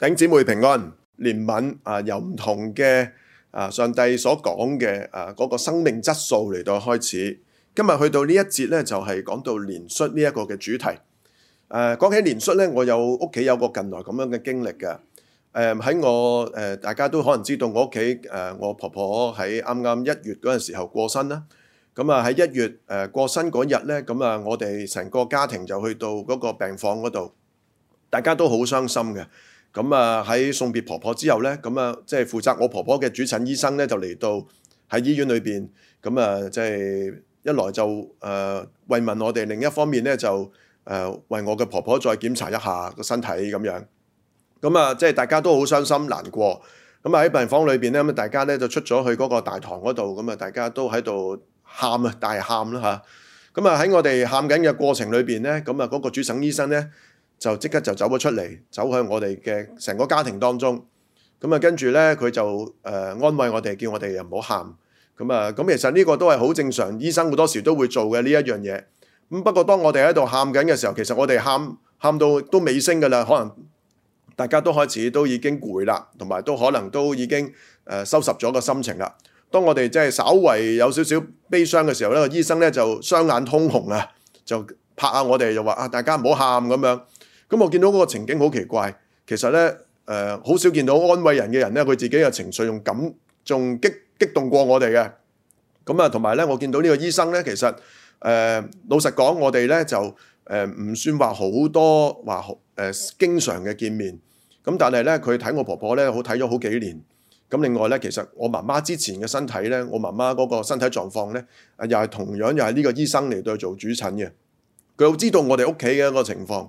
頂姊妹平安，憐憫啊，由唔同嘅啊上帝所講嘅啊嗰個生命質素嚟到開始。今日去到呢一節咧，就係講到憐恤呢一個嘅主題。誒講起憐恤咧，我有屋企有個近來咁樣嘅經歷嘅。誒喺我誒大家都可能知道，我屋企誒我婆婆喺啱啱一月嗰陣時候過身啦。咁啊喺一月誒過身嗰日咧，咁啊我哋成個家庭就去到嗰個病房嗰度，大家都好傷心嘅。咁啊喺送別婆婆之後咧，咁、嗯、啊即係負責我婆婆嘅主診醫生咧，就嚟到喺醫院裏邊，咁、嗯、啊即係一來就誒慰、呃、問我哋，另一方面咧就誒、呃、為我嘅婆婆再檢查一下個身體咁樣。咁、嗯、啊即係大家都好傷心難過。咁啊喺病房裏邊咧，咁大家咧就出咗去嗰個大堂嗰度，咁、嗯、啊大家都喺度喊啊，大喊啦嚇。咁啊喺我哋喊緊嘅過程裏邊咧，咁啊嗰個主診醫生咧，就即刻就走咗出嚟，走向我哋嘅成個家庭當中。咁啊，跟住咧佢就誒安慰我哋，叫我哋唔好喊。咁啊，咁其實呢個都係好正常，醫生好多時都會做嘅呢一樣嘢。咁不過當我哋喺度喊緊嘅時候，其實我哋喊喊到都尾聲㗎啦，可能大家都開始都已經攰啦，同埋都可能都已經誒收拾咗個心情啦。當我哋即係稍為有少少悲傷嘅時候咧，個醫生咧就雙眼通紅啊，就拍下我哋就話啊，大家唔好喊咁樣。咁我見到嗰個情景好奇怪，其實咧，誒、呃、好少見到安慰人嘅人咧，佢自己嘅情緒用感仲激激動過我哋嘅。咁啊，同埋咧，我見到呢個醫生咧，其實誒、呃、老實講，我哋咧就誒唔、呃、算話好多話誒、呃、經常嘅見面。咁但係咧，佢睇我婆婆咧，好睇咗好幾年。咁另外咧，其實我媽媽之前嘅身體咧，我媽媽嗰個身體狀況咧，又係同樣又係呢個醫生嚟到做主診嘅。佢又知道我哋屋企嘅一個情況。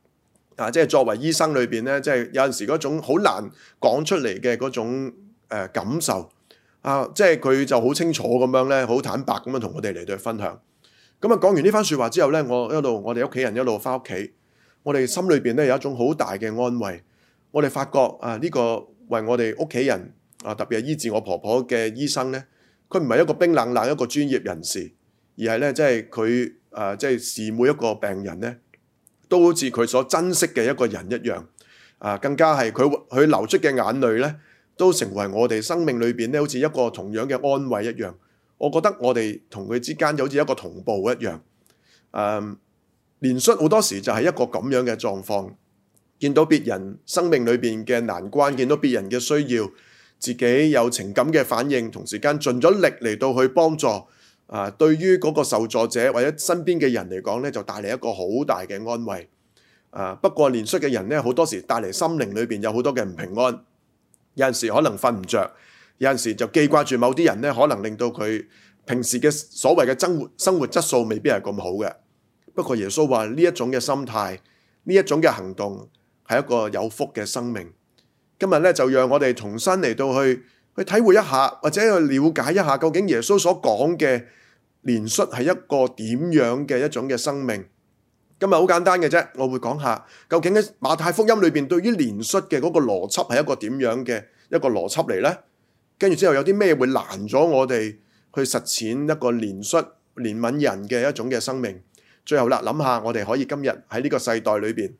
啊！即係作為醫生裏邊咧，即係有陣時嗰種好難講出嚟嘅嗰種誒、呃、感受啊！即係佢就好清楚咁樣咧，好坦白咁樣同我哋嚟到分享。咁、嗯、啊，講完呢番說話之後咧，我一路我哋屋企人一路翻屋企，我哋心裏邊咧有一種好大嘅安慰。我哋發覺啊，呢、這個為我哋屋企人啊，特別係醫治我婆婆嘅醫生咧，佢唔係一個冰冷冷一個專業人士，而係咧即係佢啊，即係視每一個病人咧。都好似佢所珍惜嘅一個人一樣，啊，更加係佢佢流出嘅眼淚咧，都成為我哋生命裏邊咧，好似一個同樣嘅安慰一樣。我覺得我哋同佢之間就好似一個同步一樣。嗯、啊，憐恤好多時就係一個咁樣嘅狀況，見到別人生命裏邊嘅難關，見到別人嘅需要，自己有情感嘅反應，同時間盡咗力嚟到去幫助。啊，對於嗰個受助者或者身邊嘅人嚟講咧，就帶嚟一個好大嘅安慰。啊，不過憐恤嘅人咧，好多時帶嚟心靈裏邊有好多嘅唔平安，有陣時可能瞓唔着，有陣時就記掛住某啲人咧，可能令到佢平時嘅所謂嘅生活生活質素未必係咁好嘅。不過耶穌話呢一種嘅心態，呢一種嘅行動係一個有福嘅生命。今日咧就讓我哋重新嚟到去去體會一下，或者去了解一下究竟耶穌所講嘅憐恤係一個點樣嘅一種嘅生命？今日好簡單嘅啫，我會講下究竟喺馬太福音裏邊，對於憐恤嘅嗰個邏輯係一個點樣嘅一個邏輯嚟呢。跟住之後有啲咩會難咗我哋去實踐一個憐恤憐憫人嘅一種嘅生命？最後啦，諗下我哋可以今日喺呢個世代裏邊，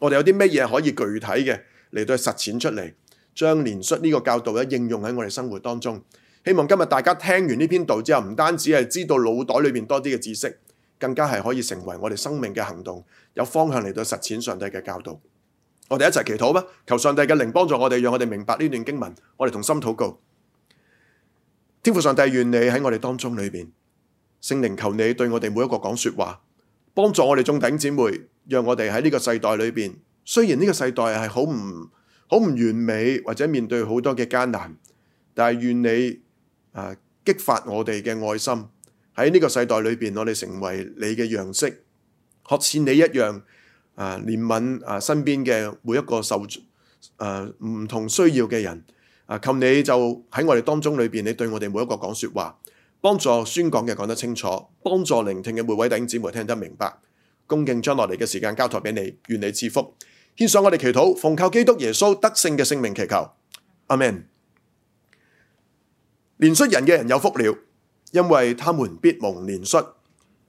我哋有啲咩嘢可以具體嘅嚟到實踐出嚟，將憐恤呢個教導咧應用喺我哋生活當中。希望今日大家聽完呢篇道之後，唔單止係知道腦袋裏面多啲嘅知識，更加係可以成為我哋生命嘅行動，有方向嚟到實踐上帝嘅教導。我哋一齊祈禱啦，求上帝嘅靈幫助我哋，讓我哋明白呢段經文。我哋同心禱告，天父上帝，願你喺我哋當中裏邊，聖靈求你對我哋每一個講說話，幫助我哋眾頂姊妹，讓我哋喺呢個世代裏邊，雖然呢個世代係好唔好唔完美，或者面對好多嘅艱難，但係願你。啊、激發我哋嘅愛心，喺呢個世代裏邊，我哋成為你嘅樣式，學似你一樣啊，憐憫啊身邊嘅每一個受誒唔、啊、同需要嘅人啊！求你就喺我哋當中裏邊，你對我哋每一個講說話，幫助宣講嘅講，講得清楚，幫助聆聽嘅每位弟兄姊妹聽得明白。恭敬將落嚟嘅時間交託俾你，願你賜福。獻上我哋祈禱，奉靠基督耶穌得勝嘅聖名祈求，阿門。憐恤人嘅人有福了，因為他們必蒙憐恤。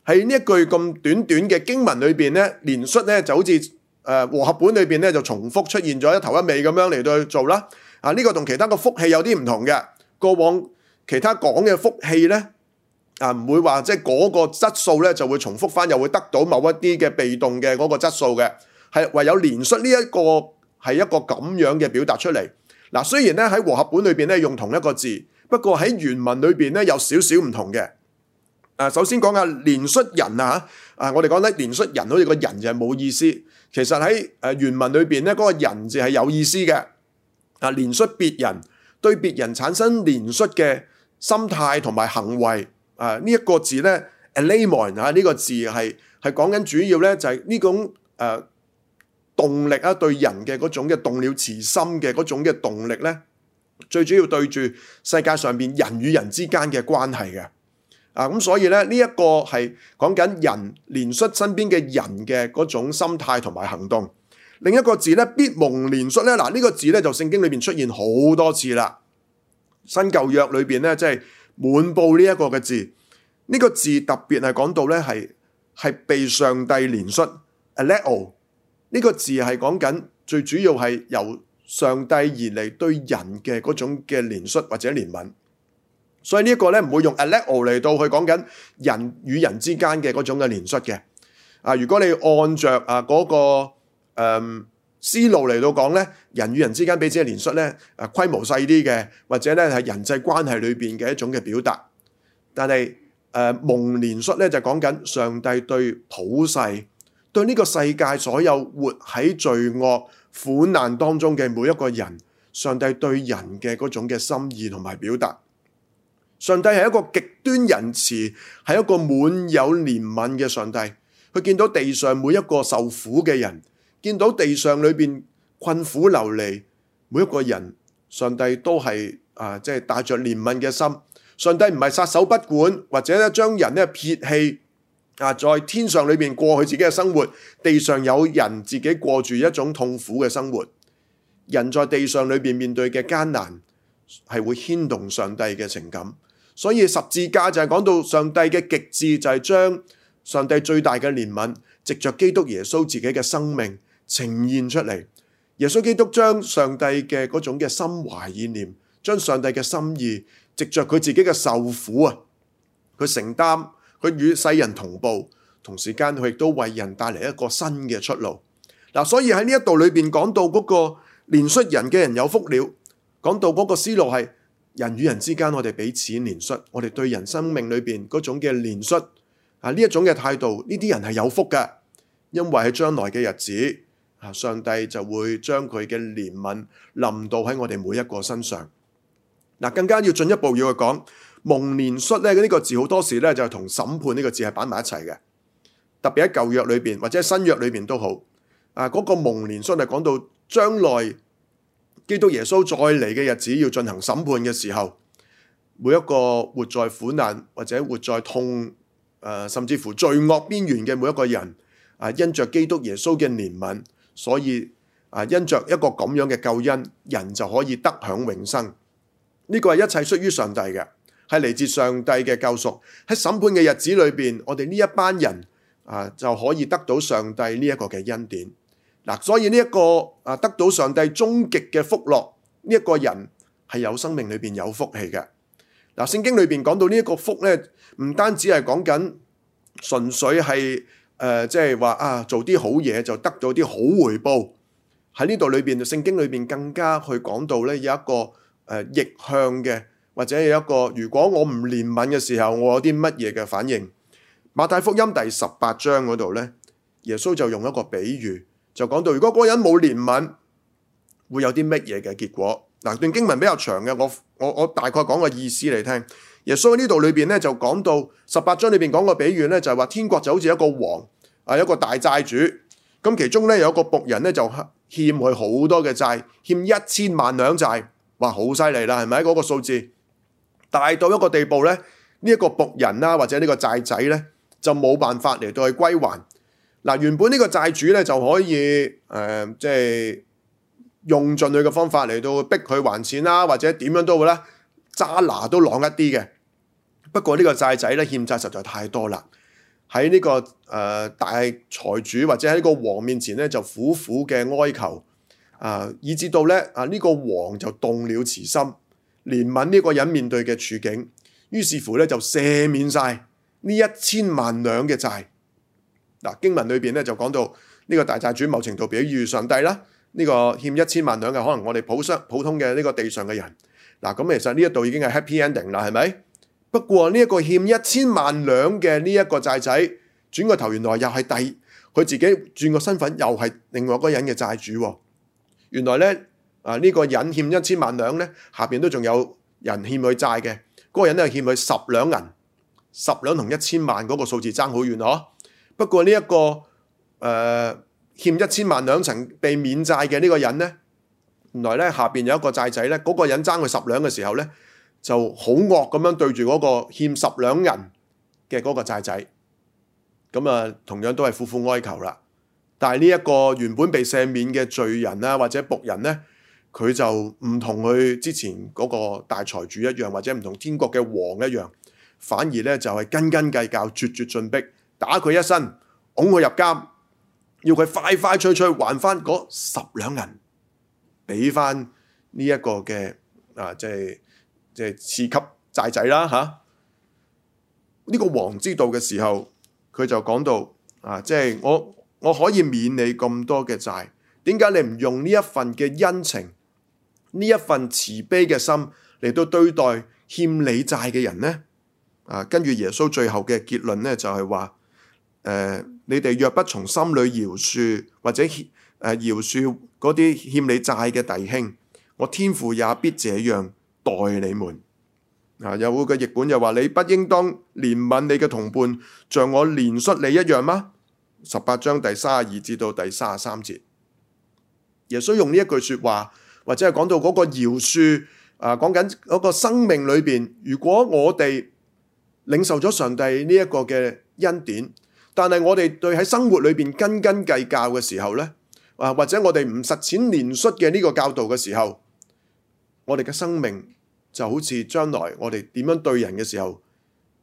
喺呢一句咁短短嘅經文裏邊咧，憐恤咧就好似誒和合本裏邊咧就重複出現咗一頭一尾咁樣嚟到去做啦。啊呢、這個同其他個福氣有啲唔同嘅，過往其他講嘅福氣咧啊唔會話即係嗰個質素咧就會重複返，又會得到某一啲嘅被動嘅嗰個質素嘅，係唯有憐恤呢、這個、一個係一個咁樣嘅表達出嚟。嗱、啊、雖然咧喺和合本裏邊咧用同一個字。不過喺原文裏邊咧有少少唔同嘅。啊，首先講下憐恤人啊啊，我哋講咧憐恤人，好似個人就係冇意思。其實喺誒、啊、原文裏邊咧，嗰、那個人字係有意思嘅。啊，憐恤別人對別人產生憐恤嘅心態同埋行為。啊，呢、這、一個字咧，alimony 啊呢、這個字係係講緊主要咧就係、是、呢種誒、啊、動力啊，對人嘅嗰種嘅動了慈心嘅嗰種嘅動力咧。最主要對住世界上邊人與人之間嘅關係嘅，啊咁所以咧呢一、這個係講緊人憐恤身邊嘅人嘅嗰種心態同埋行動。另一個字咧，必蒙憐恤咧，嗱、這、呢個字咧就聖經裏邊出現好多次啦。新舊約裏邊咧即係滿布呢一個嘅字，呢、這個字特別係講到咧係係被上帝憐恤。Aleo 呢個字係講緊最主要係由。上帝而嚟對人嘅嗰種嘅憐恤或者憐憫，所以呢一個咧唔會用 eleeo 嚟到去講緊人與人之間嘅嗰種嘅憐恤嘅。啊，如果你按著啊嗰個誒思路嚟到講咧，人與人之間彼此嘅憐恤咧，誒規模細啲嘅，或者咧係人際關係裏邊嘅一種嘅表達。但係誒蒙憐恤咧就講緊上帝對普世對呢個世界所有活喺罪惡苦難當中嘅每一個人，上帝對人嘅嗰種嘅心意同埋表達，上帝係一個極端仁慈，係一個滿有憐憫嘅上帝。佢見到地上每一個受苦嘅人，見到地上裏邊困苦流離每一個人，上帝都係啊，即係帶着憐憫嘅心。上帝唔係撒手不管，或者咧將人咧撇棄。啊！在天上裏面過去自己嘅生活，地上有人自己過住一種痛苦嘅生活。人在地上裏面面對嘅艱難係會牽動上帝嘅情感，所以十字架就係講到上帝嘅極致，就係將上帝最大嘅憐憫，藉着基督耶穌自己嘅生命呈現出嚟。耶穌基督將上帝嘅嗰種嘅心懷意念，將上帝嘅心意，藉着佢自己嘅受苦啊，佢承擔。佢與世人同步，同時間佢亦都為人帶嚟一個新嘅出路。嗱、啊，所以喺呢一度裏邊講到嗰個憐恤人嘅人有福了，講到嗰個思路係人與人之間，我哋彼此憐恤，我哋對人生命裏邊嗰種嘅憐恤。啊呢一種嘅態度，呢啲人係有福嘅，因為喺將來嘅日子啊，上帝就會將佢嘅憐憫臨到喺我哋每一個身上。嗱、啊，更加要進一步要去講。蒙憐恤咧，呢、這個字好多時咧就同、是、審判呢個字係擺埋一齊嘅。特別喺舊約裏邊或者新約裏邊都好啊。嗰、那個蒙憐恤係講到將來基督耶穌再嚟嘅日子，要進行審判嘅時候，每一個活在苦難或者活在痛，誒、啊、甚至乎罪惡邊緣嘅每一個人啊，因着基督耶穌嘅憐憫，所以啊，因着一個咁樣嘅救恩，人就可以得享永生。呢、這個係一切屬於上帝嘅。係嚟自上帝嘅救贖，喺審判嘅日子裏邊，我哋呢一班人啊就可以得到上帝呢一個嘅恩典。嗱，所以呢一個啊得到上帝終極嘅福樂呢一個人係有生命裏邊有福氣嘅。嗱，聖經裏邊講到呢一個福咧，唔單止係講緊純粹係誒，即係話啊做啲好嘢就得到啲好回報。喺呢度裏邊，聖經裏邊更加去講到咧，有一個誒逆向嘅。或者有一個，如果我唔憐憫嘅時候，我有啲乜嘢嘅反應？馬太福音第十八章嗰度呢，耶穌就用一個比喻，就講到如果嗰個人冇憐憫，會有啲乜嘢嘅結果？嗱，段經文比較長嘅，我我我大概講個意思嚟聽。耶穌喺呢度裏邊呢，就講到十八章裏邊講個比喻呢，就係話天國就好似一個王啊，一個大債主。咁其中呢，有一個僕人呢，就欠佢好多嘅債，欠一千萬兩債，哇，好犀利啦，係咪嗰個數字？大到一個地步咧，呢、這、一個僕人啦、呃就是，或者呢個債仔咧，就冇辦法嚟到去歸還。嗱，原本呢個債主咧就可以誒，即係用盡佢嘅方法嚟到逼佢還錢啦，或者點樣都會咧，揸拿都攏一啲嘅。不過呢個債仔咧欠債實在太多啦，喺呢、這個誒、呃、大財主或者喺呢個王面前咧就苦苦嘅哀求啊、呃，以至到咧啊呢、這個王就動了慈心。憐憫呢個人面對嘅處境，於是乎咧就赦免晒呢一千萬兩嘅債。嗱，經文裏邊咧就講到呢個大債主某程度比喻上帝啦，呢個欠一千萬兩嘅可能我哋普商普通嘅呢個地上嘅人。嗱，咁其實呢一度已經係 happy ending 啦，係咪？不過呢一個欠一千萬兩嘅呢一個債仔，轉個頭原來又係第佢自己轉個身份又係另外一個人嘅債主。原來咧。啊！呢、這個人欠一千萬兩咧，下邊都仲有人欠佢債嘅。嗰、那個人咧欠佢十兩銀，十兩同一千萬嗰個數字爭好遠呵。不過呢、這、一個誒、呃、欠一千萬兩曾被免債嘅呢個人咧，原來咧下邊有一個債仔咧。嗰、那個人爭佢十兩嘅時候咧，就好惡咁樣對住嗰個欠十兩銀嘅嗰個債仔。咁啊，同樣都係苦苦哀求啦。但係呢一個原本被赦免嘅罪人啦、啊，或者僕人咧。佢就唔同佢之前嗰個大財主一樣，或者唔同天國嘅王一樣，反而咧就係斤斤計較、咄咄進逼，打佢一身，拱佢入監，要佢快快脆脆還翻嗰十兩銀，俾翻呢一個嘅啊，即係即係次級債仔啦嚇。呢個王知道嘅時候，佢就講到啊，即係我我可以免你咁多嘅債，點解你唔用呢一份嘅恩情？呢一份慈悲嘅心嚟到對待欠你債嘅人呢？啊，跟住耶穌最後嘅結論呢，就係、是、話：誒、呃，你哋若不從心裡饒恕或者誒、啊、饒恕嗰啲欠你債嘅弟兄，我天父也必這樣待你們。啊，有個譯本又話：你不應當憐憫你嘅同伴，像我憐恤你一樣嗎？十八章第三十二至到第三十三節，耶穌用呢一句說話。或者係講到嗰個饒恕啊，講緊嗰個生命裏邊，如果我哋領受咗上帝呢一個嘅恩典，但係我哋對喺生活裏邊斤斤計較嘅時候呢，啊，或者我哋唔實踐憐恤嘅呢個教導嘅時候，我哋嘅生命就好似將來我哋點樣對人嘅時候，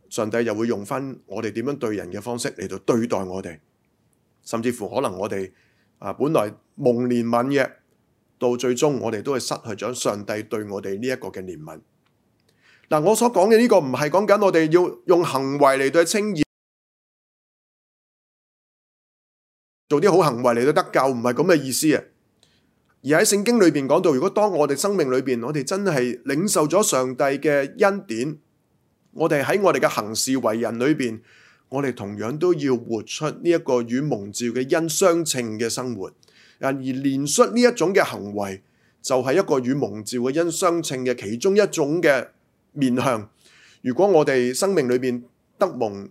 上帝又會用翻我哋點樣對人嘅方式嚟到對待我哋，甚至乎可能我哋、啊、本來蒙憐憫嘅。到最終我哋都係失去咗上帝對我哋呢一個嘅憐憫。嗱、啊，我所講嘅呢個唔係講緊我哋要用行為嚟到稱義，做啲好行為嚟到得救，唔係咁嘅意思啊。而喺聖經裏邊講到，如果當我哋生命裏邊我哋真係領受咗上帝嘅恩典，我哋喺我哋嘅行事為人裏邊，我哋同樣都要活出呢一個與蒙召嘅恩相稱嘅生活。啊！而憐恤呢一種嘅行為，就係、是、一個與蒙召嘅恩相稱嘅其中一種嘅面向。如果我哋生命裏邊得蒙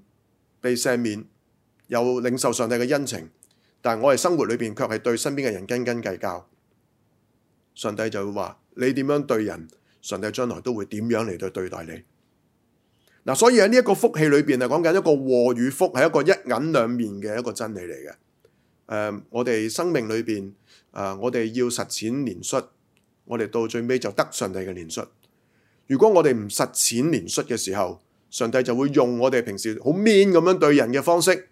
被赦免，又領受上帝嘅恩情，但係我哋生活裏邊卻係對身邊嘅人斤斤計較，上帝就會話：你點樣對人，上帝將來都會點樣嚟到對待你。嗱、啊，所以喺呢一個福氣裏邊啊，係講緊一個禍與福，係一個一銀兩面嘅一個真理嚟嘅。誒，uh, 我哋生命裏邊，誒、uh，我哋要實踐憐恤。我哋到最尾就得上帝嘅憐恤。如果我哋唔實踐憐恤嘅時候，上帝就會用我哋平時好 mean 咁樣對人嘅方式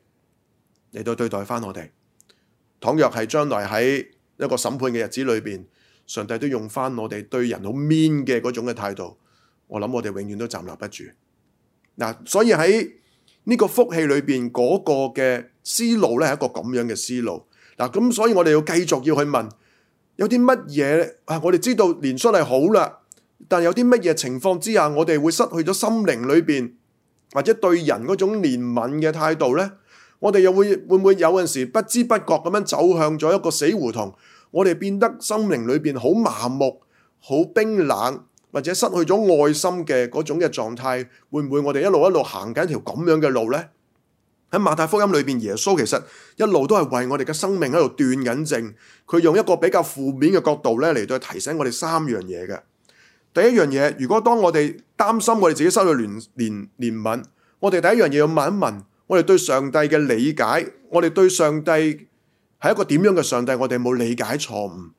嚟到對待翻我哋。倘若係將來喺一個審判嘅日子裏邊，上帝都用翻我哋對人好 mean 嘅嗰種嘅態度，我諗我哋永遠都站立不住。嗱，所以喺呢個福氣裏邊嗰、那個嘅。思路咧，係一個咁樣嘅思路嗱，咁、啊、所以我哋要繼續要去問，有啲乜嘢啊？我哋知道憐恤係好啦，但有啲乜嘢情況之下，我哋會失去咗心靈裏邊或者對人嗰種憐憫嘅態度咧？我哋又會會唔會有陣時不知不覺咁樣走向咗一個死胡同？我哋變得心靈裏邊好麻木、好冰冷，或者失去咗愛心嘅嗰種嘅狀態，會唔會我哋一路一路行緊一條咁樣嘅路咧？喺馬太福音裏邊，耶穌其實一路都係為我哋嘅生命喺度斷緊正。佢用一個比較負面嘅角度咧，嚟到提醒我哋三樣嘢嘅。第一樣嘢，如果當我哋擔心我哋自己收到憐憐憐憫，我哋第一樣嘢要問一問，我哋對上帝嘅理解，我哋對上帝係一個點樣嘅上帝？我哋冇理解錯誤。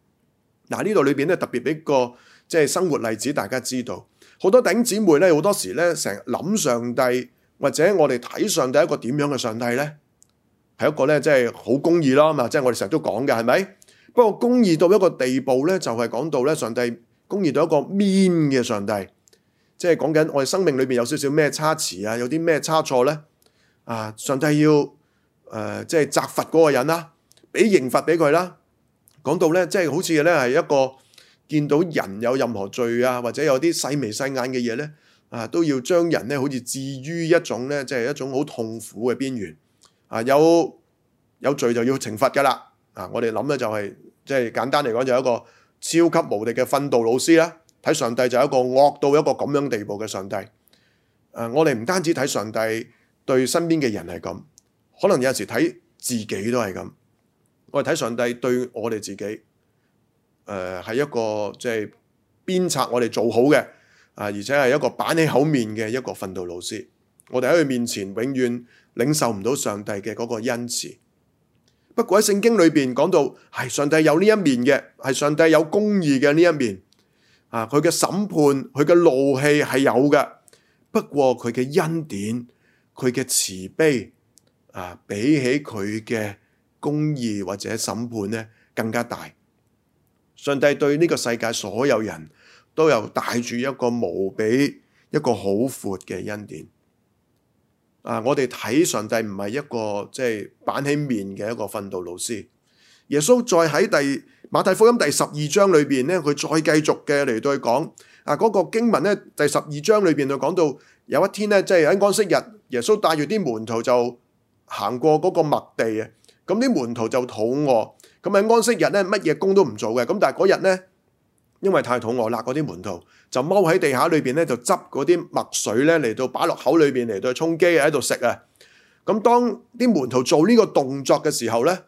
嗱、啊、呢度裏邊咧特別俾個即係生活例子，大家知道好多頂姊妹咧，好多時咧成日諗上帝。或者我哋睇上帝一個點樣嘅上帝呢？係一個呢，即係好公義啦嘛！即係我哋成日都講嘅，係咪？不過公義到一個地步呢，就係講到呢：上帝公義到一個 mean 嘅上帝，即係講緊我哋生命裏面有少少咩差池啊，有啲咩差錯呢？啊，上帝要誒，即係責罰嗰個人啦，俾刑罰俾佢啦。講到呢，即係好似呢，係一個見到人有任何罪啊，或者有啲細眉細眼嘅嘢呢。啊，都要將人咧，好似置於一種咧，即係一種好痛苦嘅邊緣。啊，有有罪就要懲罰噶啦。啊，我哋諗咧就係，即係簡單嚟講就係一個超級無敵嘅訓導老師啦。睇上帝就係一個惡到一個咁樣地步嘅上帝。誒，我哋唔單止睇上帝對身邊嘅人係咁，可能有時睇自己都係咁。我哋睇上帝對我哋自己，誒係一個即係鞭策我哋做好嘅。啊！而且係一個板起口面嘅一個訓導老師，我哋喺佢面前永遠領受唔到上帝嘅嗰個恩慈。不過喺聖經裏邊講到，係上帝有呢一面嘅，係上帝有公義嘅呢一面。啊，佢嘅審判、佢嘅怒氣係有嘅，不過佢嘅恩典、佢嘅慈悲啊，比起佢嘅公義或者審判呢更加大。上帝對呢個世界所有人。都有帶住一個無比一個好闊嘅恩典啊！我哋睇上帝唔係一個即係、就是、板起面嘅一個訓導老師。耶穌再喺第馬太福音第十二章裏邊咧，佢再繼續嘅嚟對講啊！嗰、那個經文咧，第十二章裏邊就講到有一天咧，即係喺安息日，耶穌帶住啲門徒就行過嗰個麥地啊。咁啲門徒就肚餓，咁喺安息日咧，乜嘢工都唔做嘅。咁但係嗰日咧，因為太肚餓啦，嗰啲門徒就踎喺地下裏邊咧，就執嗰啲麥穗咧嚟到擺落口裏邊嚟到充飢啊，喺度食啊。咁當啲門徒做呢個動作嘅時候咧，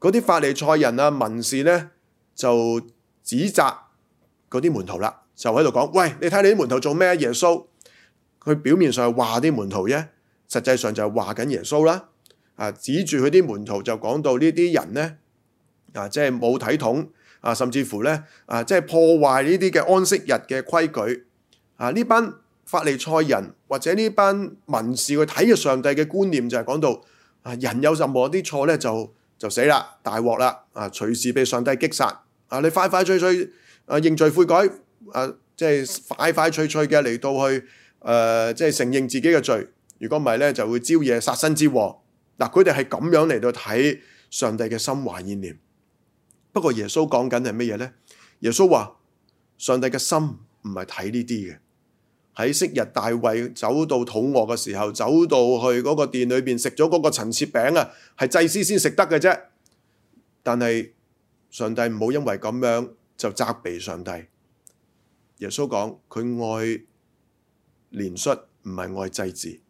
嗰啲法利賽人啊、文士咧就指責嗰啲門徒啦，就喺度講：「喂，你睇你啲門徒做咩？耶穌佢表面上係話啲門徒啫，實際上就係話緊耶穌啦。啊，指住佢啲門徒就講到呢啲人咧，啊，即係冇體統。啊，甚至乎咧，啊，即係破壞呢啲嘅安息日嘅規矩。啊，呢班法利賽人或者呢班文士去睇嘅上帝嘅觀念就係講到，啊，人有任何啲錯咧就就死啦，大禍啦，啊，隨時被上帝擊殺。啊，你快快脆脆，啊，認罪悔改，啊，即係快快脆脆嘅嚟到去，誒，即係承認自己嘅罪。如果唔係咧，就會招惹殺身之禍。嗱，佢哋係咁樣嚟到睇上帝嘅心懷意念。不過耶穌講緊係乜嘢呢？耶穌話上帝嘅心唔係睇呢啲嘅。喺昔日大衛走到肚餓嘅時候，走到去嗰個殿裏邊食咗嗰個陳設餅啊，係祭司先食得嘅啫。但係上帝唔好因為咁樣就責備上帝。耶穌講佢愛憐恤，唔係愛祭祀。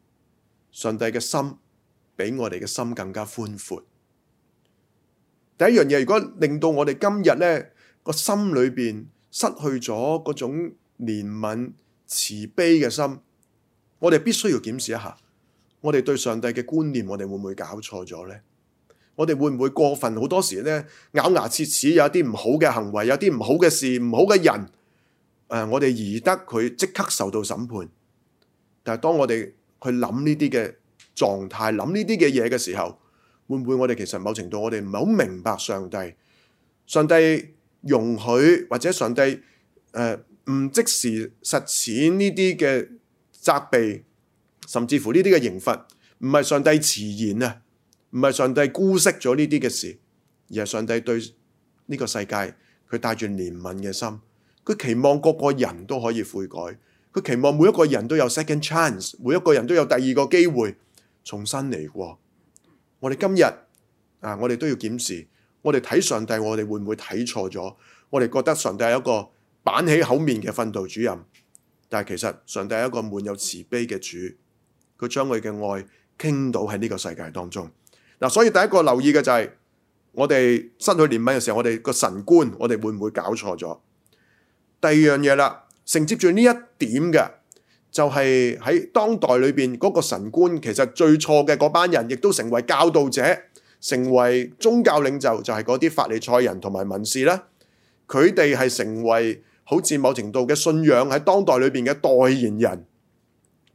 上帝嘅心比我哋嘅心更加寬闊。第一樣嘢，如果令到我哋今日咧個心裏邊失去咗嗰種憐憫慈悲嘅心，我哋必須要檢視一下，我哋對上帝嘅觀念，我哋會唔會搞錯咗呢？我哋會唔會過分，好多時咧，咬牙切齒，有啲唔好嘅行為，有啲唔好嘅事，唔好嘅人，誒、呃、我哋宜得佢即刻受到審判。但係當我哋去諗呢啲嘅狀態，諗呢啲嘅嘢嘅時候，會唔會我哋其實某程度我哋唔係好明白上帝？上帝容許或者上帝誒、唔即時實踐呢啲嘅責備，甚至乎呢啲嘅刑罰，唔係上帝遲延啊，唔係上帝姑息咗呢啲嘅事，而係上帝對呢個世界佢帶住憐憫嘅心，佢期望個個人都可以悔改，佢期望每一個人都有 second chance，每一個人都有第二個機會重新嚟過。我哋今日啊，我哋都要檢視，我哋睇上帝，我哋會唔會睇錯咗？我哋覺得上帝係一個板起口面嘅訓導主任，但係其實上帝係一個滿有慈悲嘅主，佢將佢嘅愛傾倒喺呢個世界當中。嗱、啊，所以第一個留意嘅就係、是、我哋失去憐憫嘅時候，我哋個神觀，我哋會唔會搞錯咗？第二樣嘢啦，承接住呢一點嘅。就係喺當代裏邊嗰個神官，其實最錯嘅嗰班人，亦都成為教導者、成為宗教領袖，就係嗰啲法利賽人同埋文士啦。佢哋係成為好似某程度嘅信仰喺當代裏邊嘅代言人。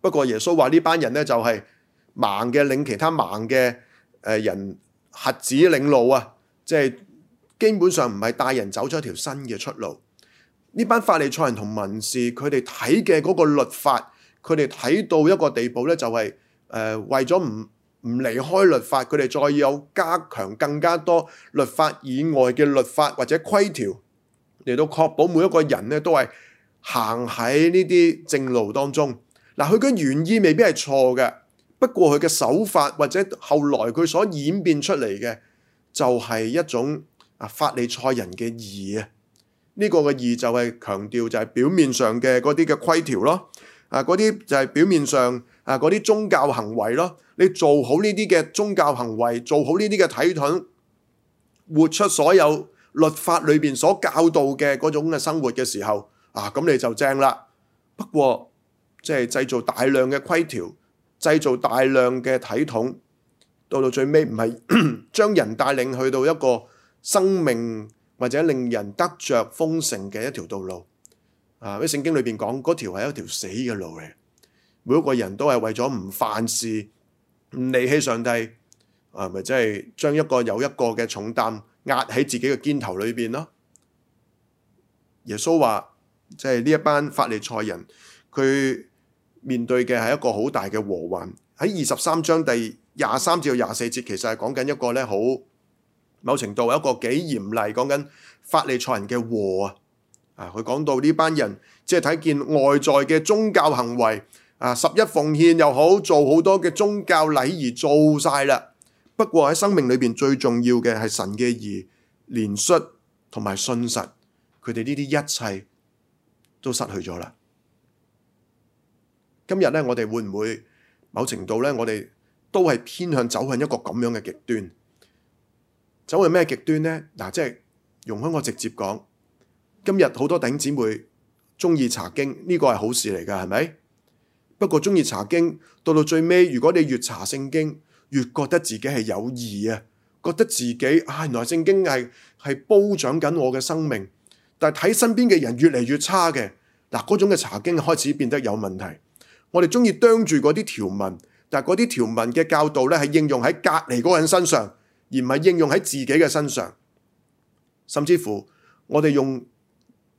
不過耶穌話呢班人呢就，就係盲嘅領其他盲嘅人，瞎子領路啊！即、就、係、是、基本上唔係帶人走咗一條新嘅出路。呢班法利賽人同文士，佢哋睇嘅嗰個律法，佢哋睇到一個地步咧、就是，就係誒為咗唔唔離開律法，佢哋再有加強更加多律法以外嘅律法或者規條，嚟到確保每一個人咧都係行喺呢啲正路當中。嗱、呃，佢嘅原意未必係錯嘅，不過佢嘅手法或者後來佢所演變出嚟嘅，就係、是、一種啊法利賽人嘅義啊。呢個嘅義就係強調就係表面上嘅嗰啲嘅規條咯，啊嗰啲就係表面上啊嗰啲宗教行為咯，你做好呢啲嘅宗教行為，做好呢啲嘅體統，活出所有律法裏邊所教導嘅嗰種嘅生活嘅時候啊，咁你就正啦。不過即係製造大量嘅規條，製造大量嘅體統，到到最尾唔係將人帶領去到一個生命。或者令人得著豐盛嘅一條道路，啊！喺聖經裏邊講嗰條係一條死嘅路嚟，每一個人都係為咗唔犯事、唔離棄上帝，啊！即係將一個有一個嘅重擔壓喺自己嘅肩頭裏邊咯。耶穌話，即係呢一班法利賽人，佢面對嘅係一個好大嘅禍患。喺二十三章第二十三至廿四節，其實係講緊一個咧好。某程度係一個幾嚴厲講緊法利賽人嘅禍啊！啊，佢講到呢班人即係睇見外在嘅宗教行為啊，十一奉獻又好，做好多嘅宗教禮儀做曬啦。不過喺生命裏邊最重要嘅係神嘅義、憐恤同埋信實，佢哋呢啲一切都失去咗啦。今日咧，我哋會唔會某程度咧，我哋都係偏向走向一個咁樣嘅極端？走去咩極端呢？嗱、啊，即係容許我直接講，今日好多弟兄姊妹中意查經，呢、呢個係好事嚟噶，係咪？不過中意查經到到最尾，如果你越查聖經，越覺得自己係有義啊，覺得自己、啊、原來聖經係係褒獎緊我嘅生命，但係睇身邊嘅人越嚟越差嘅，嗱、啊、嗰種嘅查經開始變得有問題。我哋中意抌住嗰啲條文，但係嗰啲條文嘅教導咧係應用喺隔籬嗰人身上。而唔係應用喺自己嘅身上，甚至乎我哋用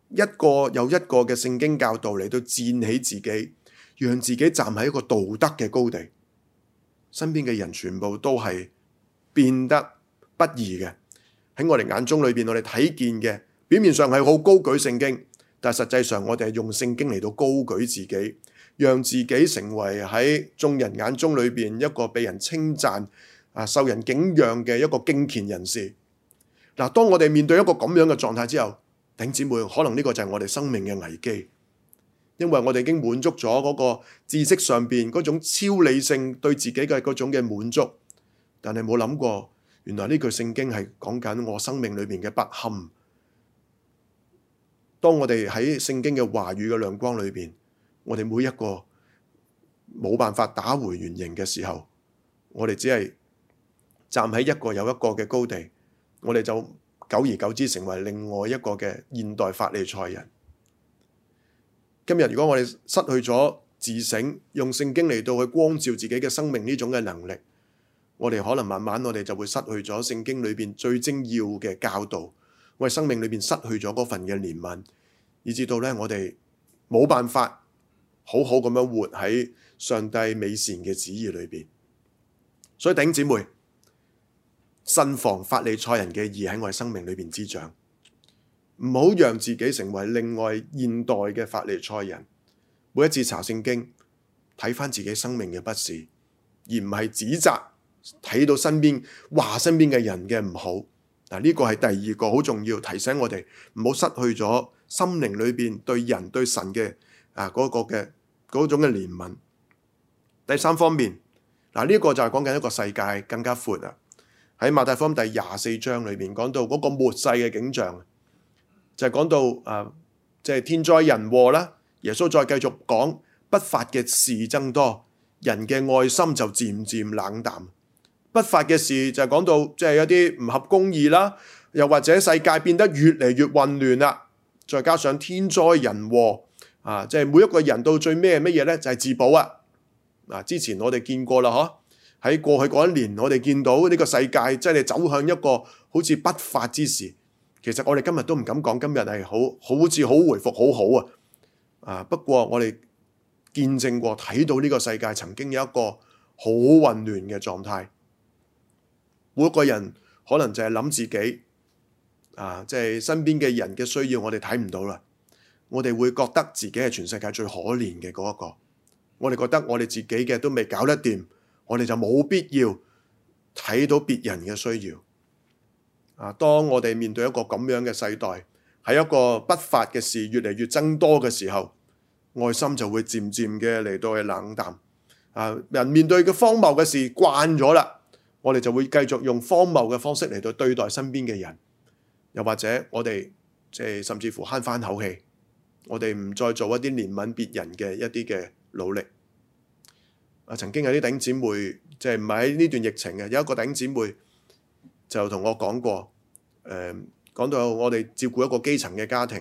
一個又一個嘅聖經教導嚟到站起自己，讓自己站喺一個道德嘅高地，身邊嘅人全部都係變得不義，嘅。喺我哋眼中裏邊，我哋睇見嘅表面上係好高舉聖經，但係實際上我哋係用聖經嚟到高舉自己，讓自己成為喺眾人眼中裏邊一個被人稱讚。啊！受人敬仰嘅一個敬虔人士，嗱，當我哋面對一個咁樣嘅狀態之後，弟兄姊妹，可能呢個就係我哋生命嘅危機，因為我哋已經滿足咗嗰個知識上邊嗰種超理性對自己嘅嗰種嘅滿足，但係冇諗過，原來呢句聖經係講緊我生命裏面嘅不堪。當我哋喺聖經嘅話語嘅亮光裏邊，我哋每一個冇辦法打回原形嘅時候，我哋只係。站喺一個又一個嘅高地，我哋就久而久之成為另外一個嘅現代法利賽人。今日如果我哋失去咗自省，用聖經嚟到去光照自己嘅生命呢種嘅能力，我哋可能慢慢我哋就會失去咗聖經裏邊最精要嘅教導，我哋生命裏邊失去咗嗰份嘅憐憫，以至到呢，我哋冇辦法好好咁樣活喺上帝美善嘅旨意裏邊。所以頂姊妹。慎防法利賽人嘅義喺我哋生命裏邊滋長，唔好讓自己成為另外現代嘅法利賽人。每一次查聖經，睇翻自己生命嘅不是，而唔係指責，睇到身邊話身邊嘅人嘅唔好。嗱，呢個係第二個好重要提醒我哋，唔好失去咗心靈裏邊對人對神嘅，啊嗰個嘅嗰種嘅憐憫。第三方面，嗱、這、呢個就係講緊一個世界更加闊啊。喺馬太福音第廿四章裏面講到嗰個末世嘅景象，就係、是、講到誒，即、啊、係、就是、天災人禍啦。耶穌再繼續講，不法嘅事增多，人嘅愛心就漸漸冷淡。不法嘅事就係講到即係、就是、有啲唔合公義啦，又或者世界變得越嚟越混亂啦，再加上天災人禍，啊，即、就、係、是、每一個人到最咩乜嘢咧，就係、是、自保啊。啊，之前我哋見過啦，嗬、啊。喺過去嗰一年，我哋見到呢個世界真係走向一個好似不法之時。其實我哋今日都唔敢講，今日係好好似好回復好好啊！啊，不過我哋見證過、睇到呢個世界曾經有一個好混亂嘅狀態。每一個人可能就係諗自己，啊，即係身邊嘅人嘅需要，我哋睇唔到啦。我哋會覺得自己係全世界最可憐嘅嗰一個。我哋覺得我哋自己嘅都未搞得掂。我哋就冇必要睇到別人嘅需要。啊，當我哋面對一個咁樣嘅世代，係一個不法嘅事越嚟越增多嘅時候，愛心就會漸漸嘅嚟到去冷淡。啊，人面對嘅荒謬嘅事慣咗啦，我哋就會繼續用荒謬嘅方式嚟到對待身邊嘅人，又或者我哋即係甚至乎慳返口氣，我哋唔再做一啲憐憫別人嘅一啲嘅努力。啊，曾經有啲弟兄姊妹，即係唔係喺呢段疫情嘅，有一個弟兄姊妹就同我講過，誒講到我哋照顧一個基層嘅家庭，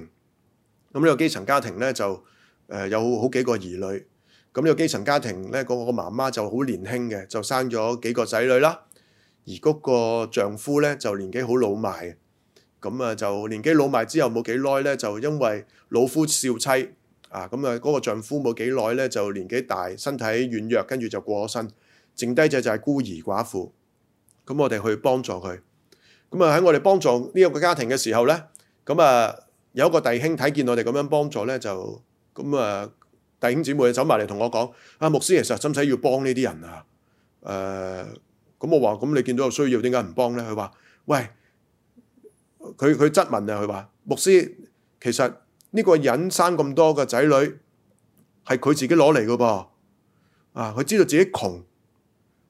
咁呢個基層家庭咧就誒有好幾個兒女，咁呢個基層家庭咧嗰個媽媽就好年輕嘅，就生咗幾個仔女啦，而嗰個丈夫咧就年紀好老邁，咁啊就年紀老邁之後冇幾耐咧，就因為老夫少妻。啊，咁啊，嗰個丈夫冇幾耐咧，就年紀大，身體軟弱，跟住就過咗身，剩低隻就係孤兒寡婦。咁我哋去幫助佢。咁啊，喺我哋幫助呢一個家庭嘅時候咧，咁啊，有一個弟兄睇見我哋咁樣幫助咧，就咁啊，弟兄姊妹走埋嚟同我講：，啊，牧師其實使唔使要幫呢啲人啊？誒，咁我話：，咁你見到有需要，點解唔幫咧？佢話：，喂，佢佢質問啊，佢話：牧師其實。呢個人生咁多嘅仔女，係佢自己攞嚟嘅噃，啊，佢知道自己窮，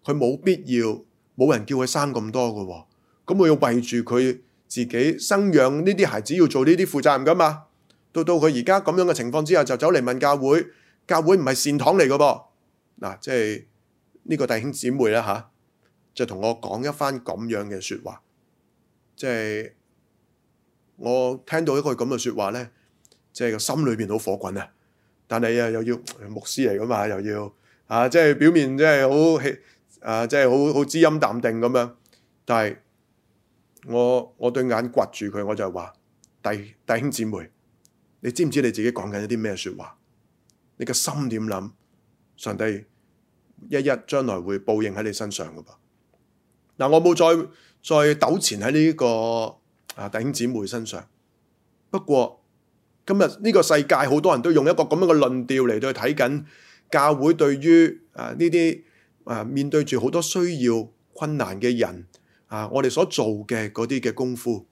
佢冇必要，冇人叫佢生咁多嘅。咁佢要為住佢自己生養呢啲孩子要做呢啲負責任嘅嘛。到到佢而家咁樣嘅情況之下，就走嚟問教會，教會唔係善堂嚟嘅噃，嗱、啊，即係呢、呢個弟兄姊妹啦、啊、吓、啊，就同我講一番咁樣嘅説話，即係我聽到一個咁嘅説話咧。即係個心裏邊好火滾啊！但係啊，又要牧師嚟噶嘛，又要啊，即係表面即係好氣啊，即係好好知音淡定咁樣。但係我我對眼掘住佢，我就話，弟弟兄姊妹，你知唔知你自己講緊一啲咩說話？你個心點諗？上帝一一將來會報應喺你身上噶噃。嗱、啊，我冇再再糾纏喺呢個啊弟兄姊妹身上。不過，今日呢個世界，好多人都用一個咁樣嘅論調嚟到睇緊教會，對於啊呢啲啊面對住好多需要困難嘅人啊，我哋所做嘅嗰啲嘅功夫，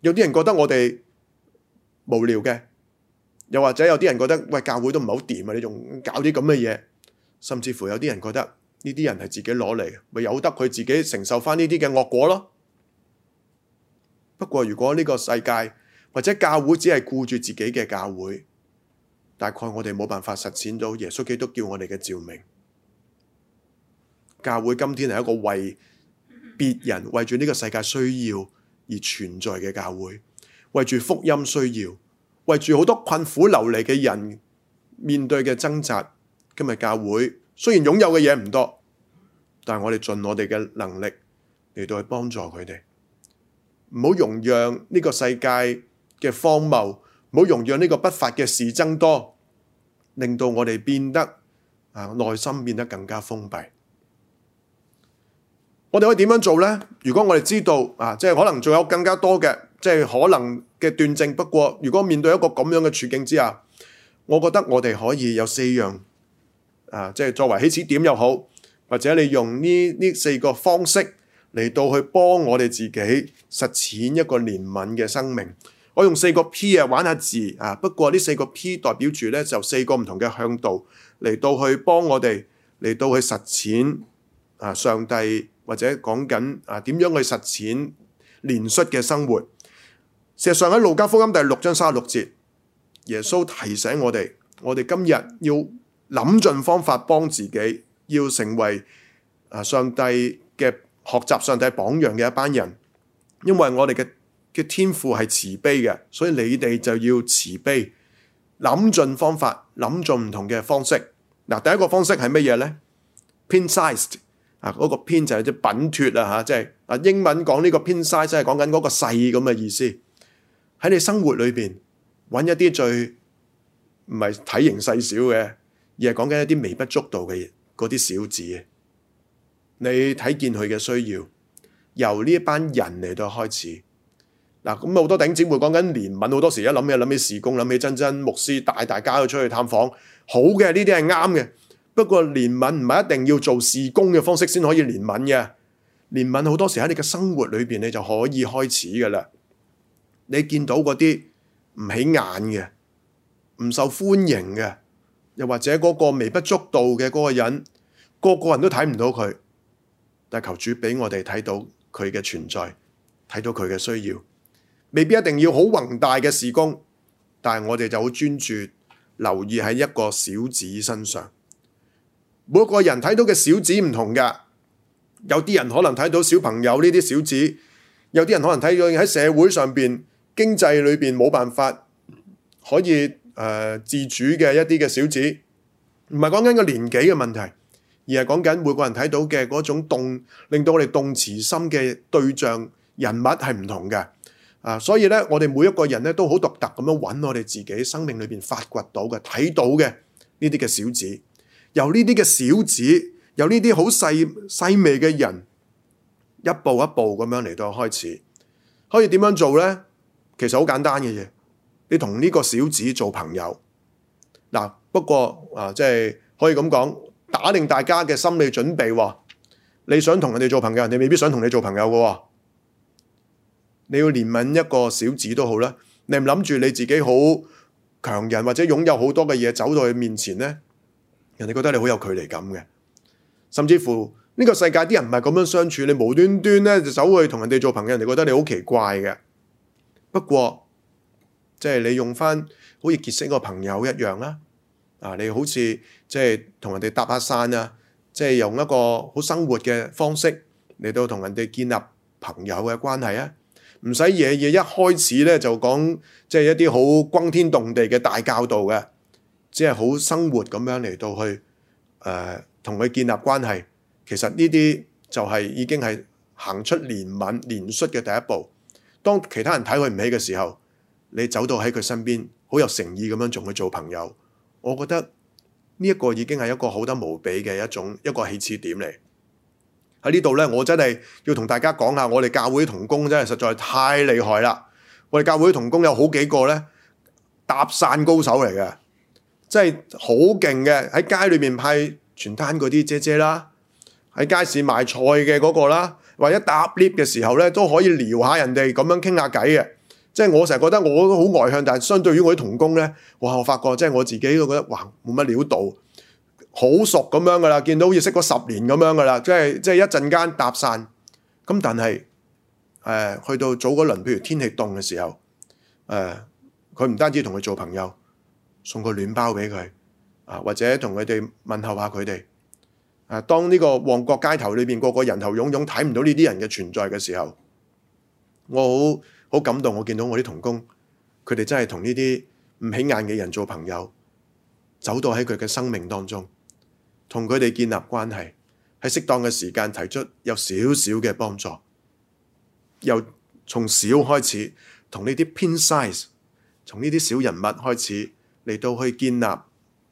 有啲人覺得我哋無聊嘅，又或者有啲人覺得喂，教會都唔係好掂啊，你仲搞啲咁嘅嘢，甚至乎有啲人覺得呢啲人係自己攞嚟，咪由得佢自己承受翻呢啲嘅惡果咯。不過如果呢個世界，或者教會只係顧住自己嘅教會，大概我哋冇辦法實踐到耶穌基督叫我哋嘅照明。教會今天係一個為別人為住呢個世界需要而存在嘅教會，為住福音需要，為住好多困苦流離嘅人面對嘅掙扎。今日教會雖然擁有嘅嘢唔多，但係我哋盡我哋嘅能力嚟到去幫助佢哋，唔好容讓呢個世界。嘅荒謬，唔好容讓呢個不法嘅事增多，令到我哋變得啊，內心變得更加封閉。我哋可以點樣做呢？如果我哋知道啊，即係可能仲有更加多嘅即係可能嘅斷證。不過，如果面對一個咁樣嘅處境之下，我覺得我哋可以有四樣啊，即係作為起始點又好，或者你用呢呢四個方式嚟到去幫我哋自己實踐一個憐憫嘅生命。我用四個 P 啊玩下字啊，不過呢四個 P 代表住呢，就四個唔同嘅向度嚟到去幫我哋嚟到去實踐啊上帝或者講緊啊點樣去實踐憐恤嘅生活。事實上喺路加福音第六章三十六節，耶穌提醒我哋，我哋今日要諗盡方法幫自己，要成為上帝嘅學習上帝榜樣嘅一班人，因為我哋嘅。嘅天父係慈悲嘅，所以你哋就要慈悲，諗盡方法，諗盡唔同嘅方式。嗱，第一個方式係乜嘢呢？pin-sized 啊，嗰個 pin 就係只品脫啊，吓，即係啊英文講呢個 pin-sized 係講緊嗰個細咁嘅意思。喺你生活裏邊揾一啲最唔係體型細小嘅，而係講緊一啲微不足道嘅嘢，嗰啲小子。你睇見佢嘅需要，由呢一班人嚟到開始。嗱，咁啊好多頂姊妹講緊憐憫，好多時一諗起諗起事工，諗起真真牧師帶大家都出去探訪，好嘅呢啲係啱嘅。不過憐憫唔係一定要做事工嘅方式先可以憐憫嘅，憐憫好多時喺你嘅生活裏邊，你就可以開始㗎喇。你見到嗰啲唔起眼嘅、唔受歡迎嘅，又或者嗰個微不足道嘅嗰個人，個個人都睇唔到佢，但求主俾我哋睇到佢嘅存在，睇到佢嘅需要。未必一定要好宏大嘅事工，但係我哋就好專注留意喺一個小子身上。每一個人睇到嘅小子唔同嘅，有啲人可能睇到小朋友呢啲小子，有啲人可能睇到喺社會上邊經濟裏邊冇辦法可以誒、呃、自主嘅一啲嘅小子，唔係講緊個年紀嘅問題，而係講緊每個人睇到嘅嗰種動，令到我哋動慈心嘅對象人物係唔同嘅。啊，所以咧，我哋每一個人咧都好獨特咁樣揾我哋自己生命裏邊發掘到嘅、睇到嘅呢啲嘅小子，由呢啲嘅小子，由呢啲好細細微嘅人，一步一步咁樣嚟到開始，可以點樣做咧？其實好簡單嘅嘢，你同呢個小子做朋友。嗱，不過啊，即係可以咁講，打定大家嘅心理準備，哦，你想同人哋做朋友，你未必想同你做朋友嘅喎。哦。你要憐憫一個小子都好啦，你唔諗住你自己好強人或者擁有好多嘅嘢，走到佢面前呢？人哋覺得你好有距離感嘅。甚至乎呢個世界啲人唔係咁樣相處，你無端端咧就走去同人哋做朋友，人哋覺得你好奇怪嘅。不過，即係你用翻好似結識個朋友一樣啦，啊，你好似即係同人哋搭下山啊，即係用一個好生活嘅方式嚟到同人哋建立朋友嘅關係啊。唔使嘢嘢，一開始呢就講即係一啲好轟天動地嘅大教導嘅，只係好生活咁樣嚟到去，誒同佢建立關係。其實呢啲就係已經係行出憐憫、憐恤嘅第一步。當其他人睇佢唔起嘅時候，你走到喺佢身邊，好有誠意咁樣仲去做朋友，我覺得呢一個已經係一個好得無比嘅一種一個起始點嚟。喺呢度咧，我真係要同大家講下，我哋教會啲同工真係實在太厲害啦！我哋教會啲同工有好幾個咧，搭訕高手嚟嘅，即係好勁嘅。喺街裏面派傳單嗰啲姐姐啦，喺街市賣菜嘅嗰個啦，或者搭 lift 嘅時候咧，都可以撩下人哋，咁樣傾下偈嘅。即係我成日覺得我都好外向，但係相對於我啲同工咧，哇！我發覺即係我自己，都覺得哇，冇乜料到。好熟咁樣噶啦，見到好似識咗十年咁樣噶啦，即係即係一陣間搭訕。咁但係誒、呃，去到早嗰輪，譬如天氣凍嘅時候，誒佢唔單止同佢做朋友，送個暖包俾佢，啊或者同佢哋問候下佢哋。啊，當呢個旺角街頭裏邊，個個人頭湧湧睇唔到呢啲人嘅存在嘅時候，我好好感動。我見到我啲同工，佢哋真係同呢啲唔起眼嘅人做朋友，走到喺佢嘅生命當中。同佢哋建立關係，喺適當嘅時間提出有少少嘅幫助，由從小開始同呢啲偏 size，從呢啲小人物開始嚟到去建立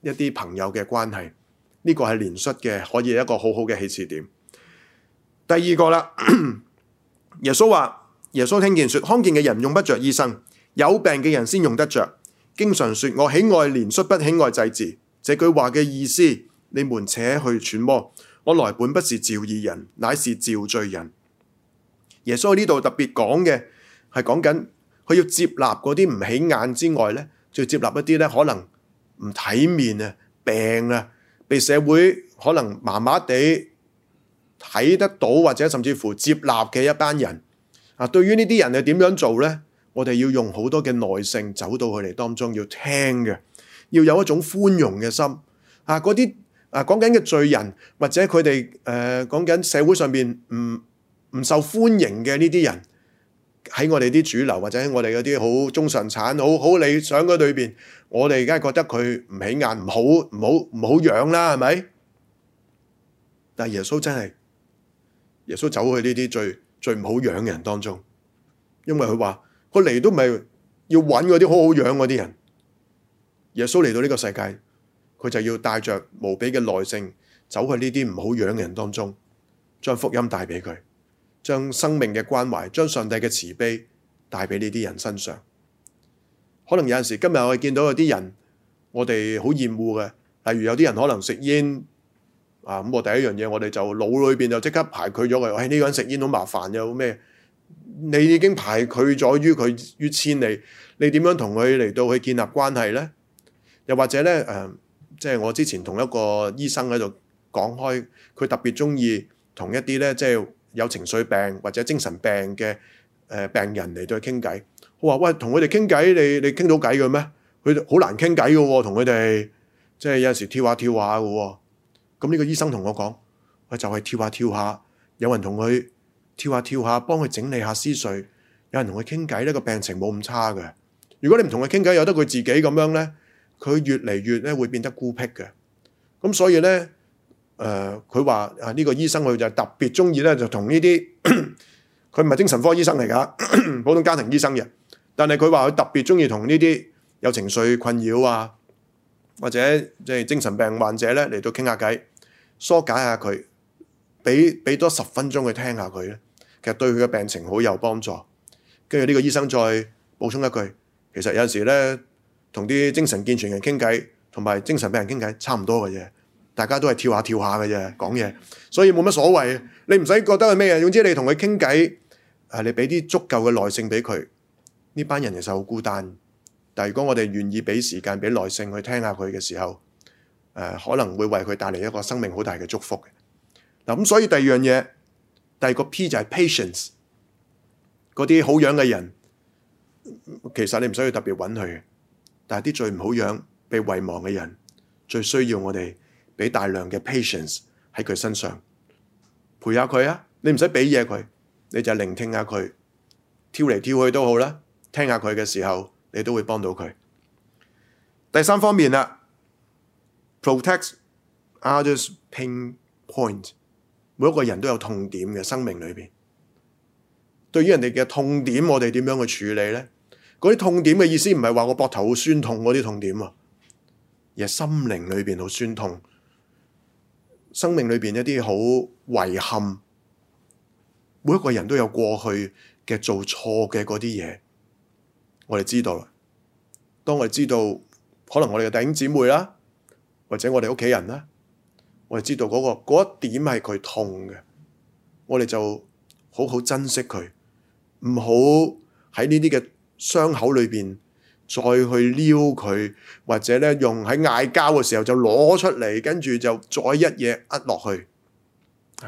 一啲朋友嘅關係。呢、這個係憐恤嘅，可以一個好好嘅起始點。第二個啦，耶穌話：耶穌聽見說，康健嘅人用不着醫生，有病嘅人先用得着。經常說我喜愛憐恤，不喜愛祭祀」。」這句話嘅意思。你們且去揣摩，我來本不是召義人，乃是召罪人。耶穌喺呢度特別講嘅係講緊，佢要接納嗰啲唔起眼之外呢，就接納一啲呢，可能唔體面啊、病啊，被社會可能麻麻地睇得到或者甚至乎接納嘅一班人啊。對於呢啲人係點樣做呢？我哋要用好多嘅耐性走到佢哋當中，要聽嘅，要有一種寬容嘅心啊。嗰啲啊，講緊嘅罪人，或者佢哋誒講緊社會上邊唔唔受歡迎嘅呢啲人，喺我哋啲主流或者喺我哋嗰啲好中上產好好理想嗰裏邊，我哋梗係覺得佢唔起眼，唔好唔好唔好樣啦，係咪？但係耶穌真係，耶穌走去呢啲最最唔好樣嘅人當中，因為佢話佢嚟都唔係要揾嗰啲好好樣嗰啲人。耶穌嚟到呢個世界，佢就要帶着無比嘅耐性，走去呢啲唔好養嘅人當中，將福音帶俾佢，將生命嘅關懷，將上帝嘅慈悲帶俾呢啲人身上。可能有陣時今日我哋見到有啲人，我哋好厭惡嘅，例如有啲人可能食煙啊，咁、嗯、我第一樣嘢我哋就腦裏邊就即刻排佢咗喂，誒、哎、呢、呢個人食煙好麻煩又咩？你已經排佢咗於佢於千里，你點樣同佢嚟到去建立關係呢？」又或者呢。誒、呃？即係我之前同一個醫生喺度講開，佢特別中意同一啲咧，即係有情緒病或者精神病嘅誒病人嚟到傾偈。我話喂，同佢哋傾偈，你你傾到偈嘅咩？佢哋好難傾偈嘅喎，同佢哋即係有時跳下跳下嘅喎。咁呢個醫生同我講，喂，就係跳下跳下，有人同佢跳下跳下，幫佢整理下思緒，有人同佢傾偈呢個病情冇咁差嘅。如果你唔同佢傾偈，有得佢自己咁樣咧。佢越嚟越咧會變得孤僻嘅，咁所以咧，誒佢話啊呢個醫生佢就特別中意咧，就同呢啲佢唔係精神科醫生嚟㗎，普通家庭醫生嘅，但係佢話佢特別中意同呢啲有情緒困擾啊，或者即係精神病患者咧嚟到傾下偈，疏解下佢，俾俾多十分鐘去聽下佢咧，其實對佢嘅病情好有幫助。跟住呢個醫生再補充一句，其實有時咧。同啲精神健全人傾偈，同埋精神病人傾偈，差唔多嘅啫。大家都係跳下跳下嘅啫，講嘢，所以冇乜所謂。你唔使覺得係咩嘢，總之、啊、你同佢傾偈，係你俾啲足夠嘅耐性俾佢。呢班人其實好孤單，但如果我哋願意俾時間、俾耐性去聽下佢嘅時候，誒、啊，可能會為佢帶嚟一個生命好大嘅祝福嘅。嗱、啊、咁，所以第二樣嘢，第二個 P 就係 patience。嗰啲好樣嘅人，其實你唔需要特別揾佢。但係啲最唔好養、被遺忘嘅人，最需要我哋畀大量嘅 patience 喺佢身上陪下佢啊！你唔使畀嘢佢，你就聆聽下佢，跳嚟跳去都好啦。聽下佢嘅時候，你都會幫到佢。第三方面啦，protect others pain point。每一個人都有痛點嘅生命裏邊，對於人哋嘅痛點，我哋點樣去處理咧？嗰啲痛點嘅意思唔係話我膊頭好酸痛嗰啲痛點啊，而係心靈裏邊好酸痛，生命裏邊一啲好遺憾，每一個人都有過去嘅做錯嘅嗰啲嘢，我哋知道啦。當我哋知道，可能我哋嘅弟兄姊妹啦，或者我哋屋企人啦，我哋知道嗰個嗰一點係佢痛嘅，我哋就好好珍惜佢，唔好喺呢啲嘅。傷口裏邊再去撩佢，或者咧用喺嗌交嘅時候就攞出嚟，跟住就再一嘢扼落去。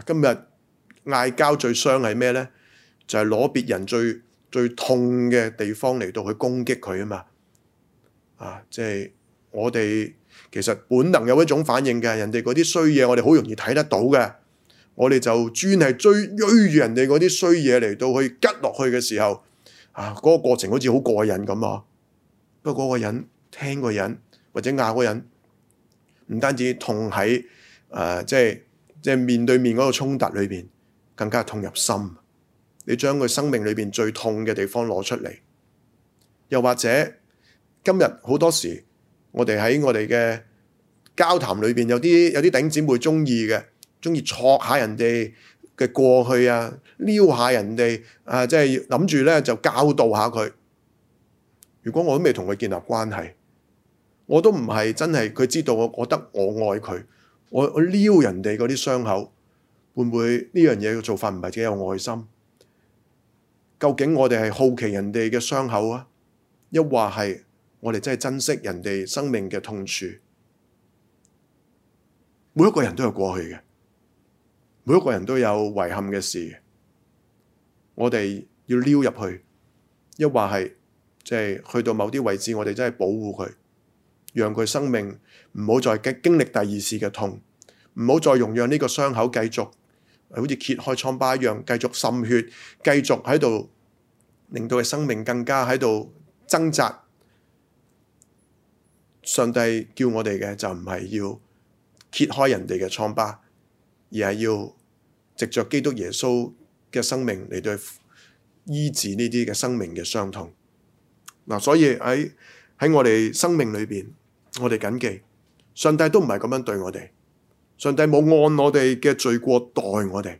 今日嗌交最傷係咩呢？就係攞別人最最痛嘅地方嚟到去攻擊佢啊嘛！啊，即係我哋其實本能有一種反應嘅，人哋嗰啲衰嘢我哋好容易睇得到嘅，我哋就專係追追住人哋嗰啲衰嘢嚟到去拮落去嘅時候。啊！嗰、那個過程好似好過癮咁啊！不過嗰個人聽嗰人或者嗌嗰人，唔單止痛喺誒、呃、即係即係面對面嗰個衝突裏邊，更加痛入心。你將佢生命裏邊最痛嘅地方攞出嚟，又或者今日好多時，我哋喺我哋嘅交談裏邊有啲有啲頂姐妹中意嘅，中意挫下人哋。嘅過去啊，撩下人哋啊，即係諗住咧，就教、是、導下佢。如果我都未同佢建立關係，我都唔係真係佢知道我，我覺得我愛佢，我我撩人哋嗰啲傷口，會唔會呢樣嘢嘅做法唔係自己有愛心？究竟我哋係好奇人哋嘅傷口啊，抑或係我哋真係珍惜人哋生命嘅痛處。每一個人都有過去嘅。每一個人都有遺憾嘅事，我哋要撩入去，抑或係即係去到某啲位置，我哋真係保護佢，讓佢生命唔好再經經歷第二次嘅痛，唔好再容讓呢個傷口繼續，好似揭開瘡疤一樣，繼續滲血，繼續喺度令到佢生命更加喺度掙扎。上帝叫我哋嘅就唔係要揭開人哋嘅瘡疤，而係要。藉着基督耶穌嘅生命嚟對醫治呢啲嘅生命嘅傷痛。嗱、啊，所以喺喺我哋生命裏邊，我哋謹記，上帝都唔係咁樣對我哋。上帝冇按我哋嘅罪過待我哋，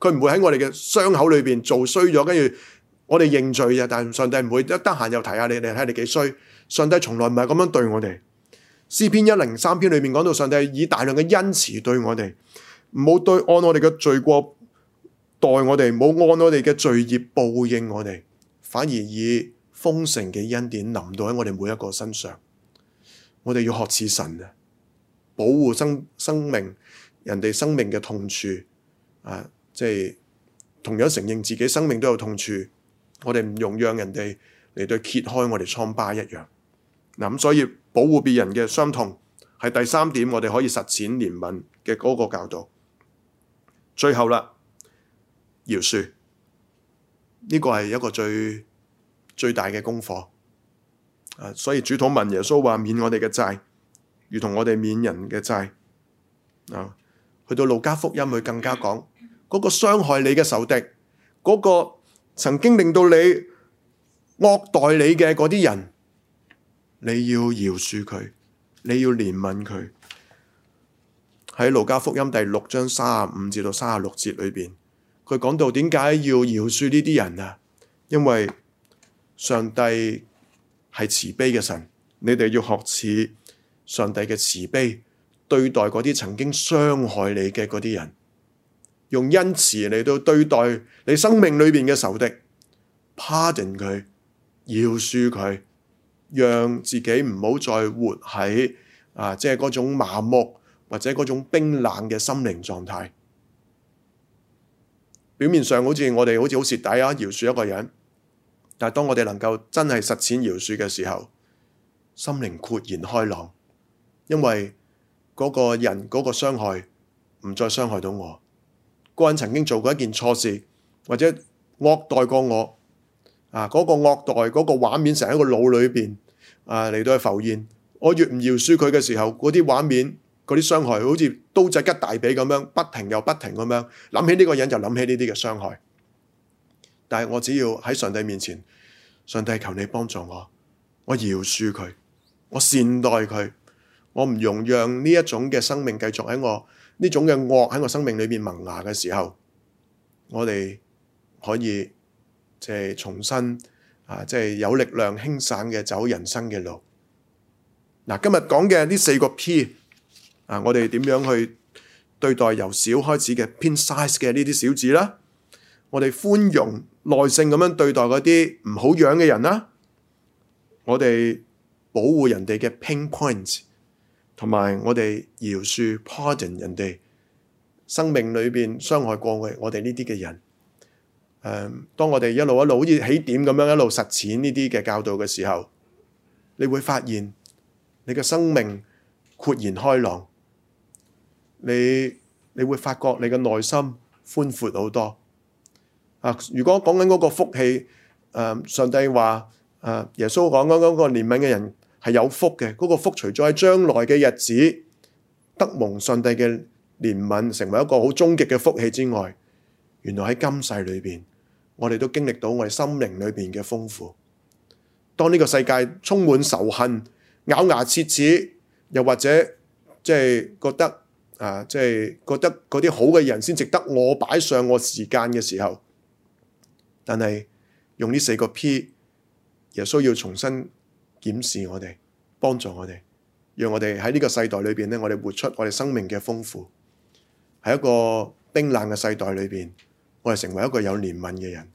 佢唔會喺我哋嘅傷口裏邊做衰咗，跟住我哋認罪啫。但係上帝唔會一得閒又提下你，你睇下你幾衰。上帝從來唔係咁樣對我哋。詩篇一零三篇裏面講到，上帝以大量嘅恩慈對我哋。唔好對按我哋嘅罪過待我哋，唔好按我哋嘅罪孽報應我哋，反而以豐盛嘅恩典臨到喺我哋每一個身上。我哋要學似神啊，保護生生命，人哋生命嘅痛處啊，即係同樣承認自己生命都有痛處。我哋唔容讓人哋嚟到揭開我哋瘡疤一樣。嗱、啊、咁所以保護別人嘅傷痛係第三點，我哋可以實踐憐憫嘅嗰個教導。最後啦，饒恕呢個係一個最最大嘅功課。啊，所以主禱文耶穌話：免我哋嘅債，如同我哋免人嘅債。啊，去到路加福音佢更加講，嗰個傷害你嘅仇敵，嗰個曾經令到你惡待你嘅嗰啲人，你要饒恕佢，你要憐憫佢。喺路加福音第六章三十五至到三十六節裏邊，佢講到點解要饒恕呢啲人啊？因為上帝係慈悲嘅神，你哋要學似上帝嘅慈悲，對待嗰啲曾經傷害你嘅嗰啲人，用恩慈嚟到對待你生命裏邊嘅仇敵，Pardon 佢，饒恕佢，讓自己唔好再活喺啊，即係嗰種麻木。或者嗰種冰冷嘅心靈狀態，表面上好似我哋好似好蝕底啊，饒恕一個人，但係當我哋能夠真係實踐饒恕嘅時候，心靈豁然開朗，因為嗰個人嗰個傷害唔再傷害到我。嗰人曾經做過一件錯事，或者惡待過我啊。嗰個惡待嗰個畫面成一個腦裏邊啊嚟到去浮現。我越唔饒恕佢嘅時候，嗰啲畫面。嗰啲傷害好似刀仔吉大髀咁樣，不停又不停咁樣，諗起呢個人就諗起呢啲嘅傷害。但係我只要喺上帝面前，上帝求你幫助我，我饒恕佢，我善待佢，我唔容讓呢一種嘅生命繼續喺我呢種嘅惡喺我生命裏面萌芽嘅時候，我哋可以即係重新啊，即係有力量輕省嘅走人生嘅路。嗱，今日講嘅呢四個 P。啊！我哋點樣去對待由小開始嘅偏 size 嘅呢啲小子啦？我哋寬容、耐性咁樣對待嗰啲唔好樣嘅人啦。我哋保護人哋嘅 pain points，同埋我哋饒恕 pardon 人哋生命裏邊傷害過我哋呢啲嘅人。誒、嗯，當我哋一路一路好似起點咁樣一路實踐呢啲嘅教導嘅時候，你會發現你嘅生命豁然開朗。你你會發覺你嘅內心寬闊好多啊！如果講緊嗰個福氣，誒、呃、上帝話誒、呃、耶穌講緊嗰個憐憫嘅人係有福嘅，嗰、嗰個福除咗喺將來嘅日子得蒙上帝嘅憐憫成為一個好終極嘅福氣之外，原來喺今世裏邊，我哋都經歷到我哋心靈裏邊嘅豐富。當呢個世界充滿仇恨、咬牙切齒，又或者即係覺得，啊！即係覺得嗰啲好嘅人先值得我擺上我時間嘅時候，但係用呢四個 P，亦需要重新檢視我哋，幫助我哋，讓我哋喺呢個世代裏邊咧，我哋活出我哋生命嘅豐富。喺一個冰冷嘅世代裏邊，我哋成為一個有憐憫嘅人。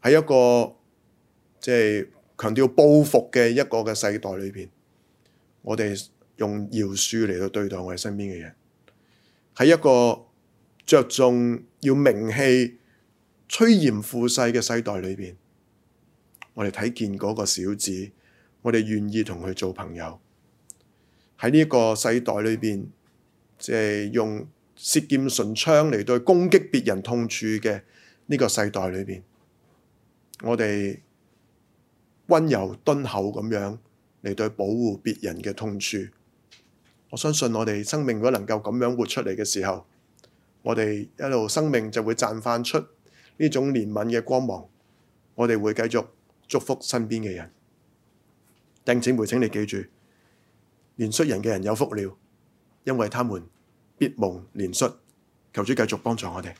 喺一個即係強調報復嘅一個嘅世代裏邊，我哋，用饒恕嚟到對待我哋身邊嘅人。喺一個着重要名氣、趨炎附勢嘅世代裏邊，我哋睇見嗰個小子，我哋願意同佢做朋友。喺呢個世代裏邊，即係用舌劍、唇槍嚟到攻擊別人痛處嘅呢個世代裏邊，我哋溫柔敦厚咁樣嚟到保護別人嘅痛處。我相信我哋生命如果能夠咁樣活出嚟嘅時候，我哋一路生命就會綻放出呢種憐憫嘅光芒。我哋會繼續祝福身邊嘅人。鄭姐妹，請你記住，憐恤人嘅人有福了，因為他們必蒙憐恤，求主繼續幫助我哋。